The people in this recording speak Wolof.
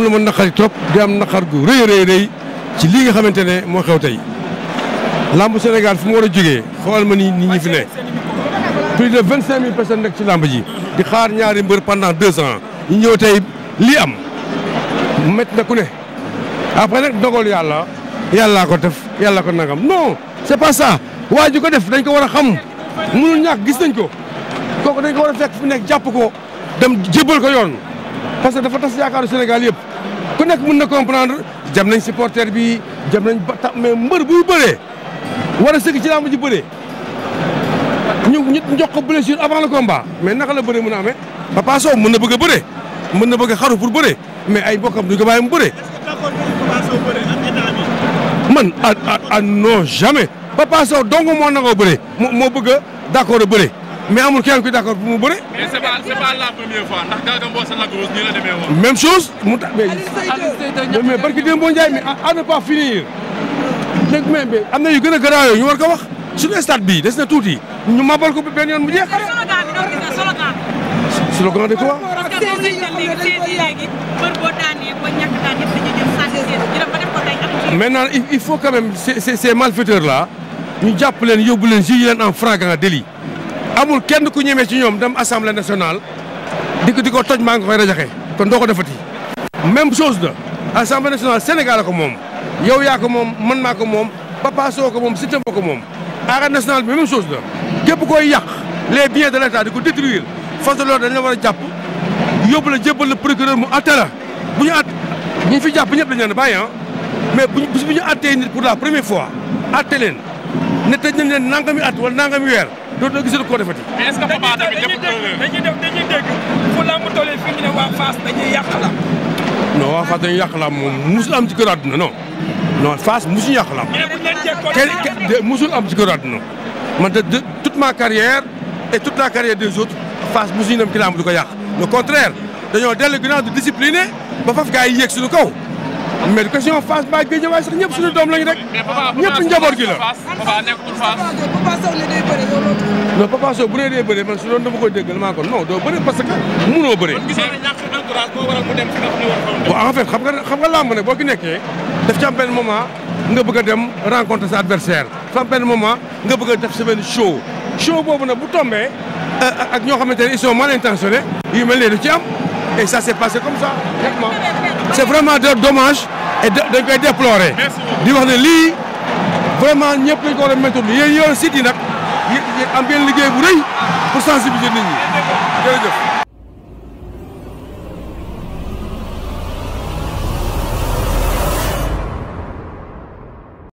am lu ma naqari trop di am naqar gu rëy rëy rëy ci lii nga xamante ne moo xew tey lamb Sénégal fu mu war a jógee xoolal ma ni nit ñi fi ne plus de vingt cinq mille personnes nekk ci lamb ji di xaar ñaari mbër pendant deux ans ñu ñëw tey lii am met na ku ne après nag dogal yàlla yàllaa ko def yàlla ko nangam non c'est pas ça waa ji ko def dañ ko war a xam mënul ñàkk gis nañ ko kooku dañ ko war a fekk fu nekk jàpp ko dem jébbal ko yoon parce que dafa tas yaakaaru Sénégal yëpp ku nekk mën na comprendre jam nañ supporter bi jam nañ ba tax mais mbër buy bëree war a sëgg ci làmb ji bëre ñu ñu jox ko blessure avant la combat mais naka la bëree mën a amee Papa mën na bëgg a bëree mën na bëgg a xaru pour bëree mais ay mbokkam duñ ko bàyyi mu bëree. man ah ah non jamais Papa Sow dong moo nangoo bëree moo bëgg a d' accord a mais amul kenn ku d'accord bu mu bëre. mais c'est la première fois ndax Garga Mbossé Lac Rose nii la mu tax mais. mais barki Demba Ndiaye mais à ne pas finir. léegi même bi am na yu gën a garaaw yooyu ñu war ko wax suñu stade bi des na tuuti ñu mabal ko benn yoon bu jeex. slogan de quoi. def ba def ko il faut quand même ces ces malfaiteurs là ñu jàpp leen yóbbu leen juge en flagrant deli amul kenn ku ñemee ci ñoom dem assemblée nationale di ko di ko toj maa ngi koy rajaxe kon doo ko defati même chose la assemblée nationale Sénégal ko moom yow yaa ko moom man maa ko moom Papa Sow ko moom Siteu moo ko moom. arène nationale bi même chose la képp koy yàq les biens de l' état ko détruire force de l'ordre dañ la war a jàpp yóbbu la jébbal la procureur mu àtte la bu ñu àtt ñu fi jàpp ñëpp dañu leen a ah, mais bu ñu bu ñu àttee nit pour la première fois àtte leen ne tëj nañ leen nangami at wala nangami weer. doo doo gisul koo defati. mais est-ce que papa fu làmb ne waa Fass dañuy yàq làmb. non waa Fass dañuy yàq làmb moom musul am ci kër àdduna non non Fass musuñu yàq làmb. kenn musul am ci kër man de ma carrière et toute la carrière des autres Fass musuñu dem ci làmb di ko yàq. le contraire dañoo dellu ginnaaw di discipliné ba faf gars yi yéeg suñu kaw. mais question Fass ba Guédiawaye sax ñëpp suñu doom lañu rek. ñëpp njaboot gi la. non Papa Sow bu dee dee bëree man su doon dama koy déggal maa ko non doo bëri parce que mu dem fi nga xam ne xam ga xam nga ne boo fi nekkee daf ci am moment nga bëgg a dem rencontrer sa adversaire dafa am moment nga bëgg a def sa benn show show boobu nag bu tombee euh, ak ñoo xamante ne ils sont mal intentionnés yu mel ne du ci am e ça s'est passé comme ça vraiment c'est vraiment dommage et dañ koy déplorer di wax ne lii vraiment ñëpp dañ ko war a méttiwul am liggéey bu rëy pour sensibiliser nit ñi